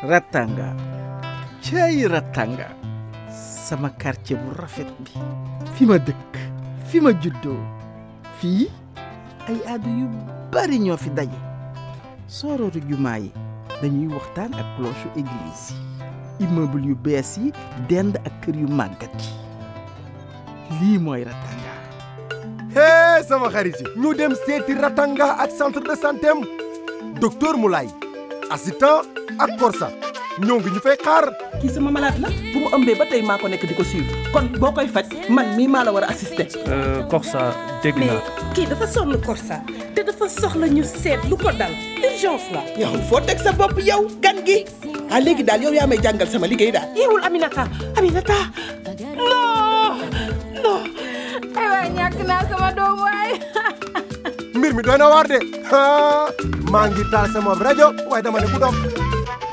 rattanga caayi rattanga sama quartier bu rafet bi fi ma dëkk fi ma juddoo fii ay aada yu bari ñoo fi daje soorootu jumaa yi dañuy waxtaan ak cloche église yi yu bees yi dend ak kër yu màggat lii mooy rattanga hee sama xarit yi ñu dem seeti rattanga ak centre de santé am docteur Moulay assistant ak Corsa ñoo ngi ñu fay xaar. kii sama malade la bu mu ëmbee ba tey maa ko nekk di ko suivre kon boo koy faj man mii maa la war a assister. Corsa euh, dégg naa. kii dafa sonn Corsa te soxla ñu seet lu ko dal urgence la. yow foo teg sa bopp yow gan gi a ah, léegi daal yow yaa may jàngal sama liggéey daal. yeewul Aminata Aminata non non. aywa ñàkk naa sama doomu waay. mbir mi doy na waar de. maa ngi taal sama rajo waaye dama ne ku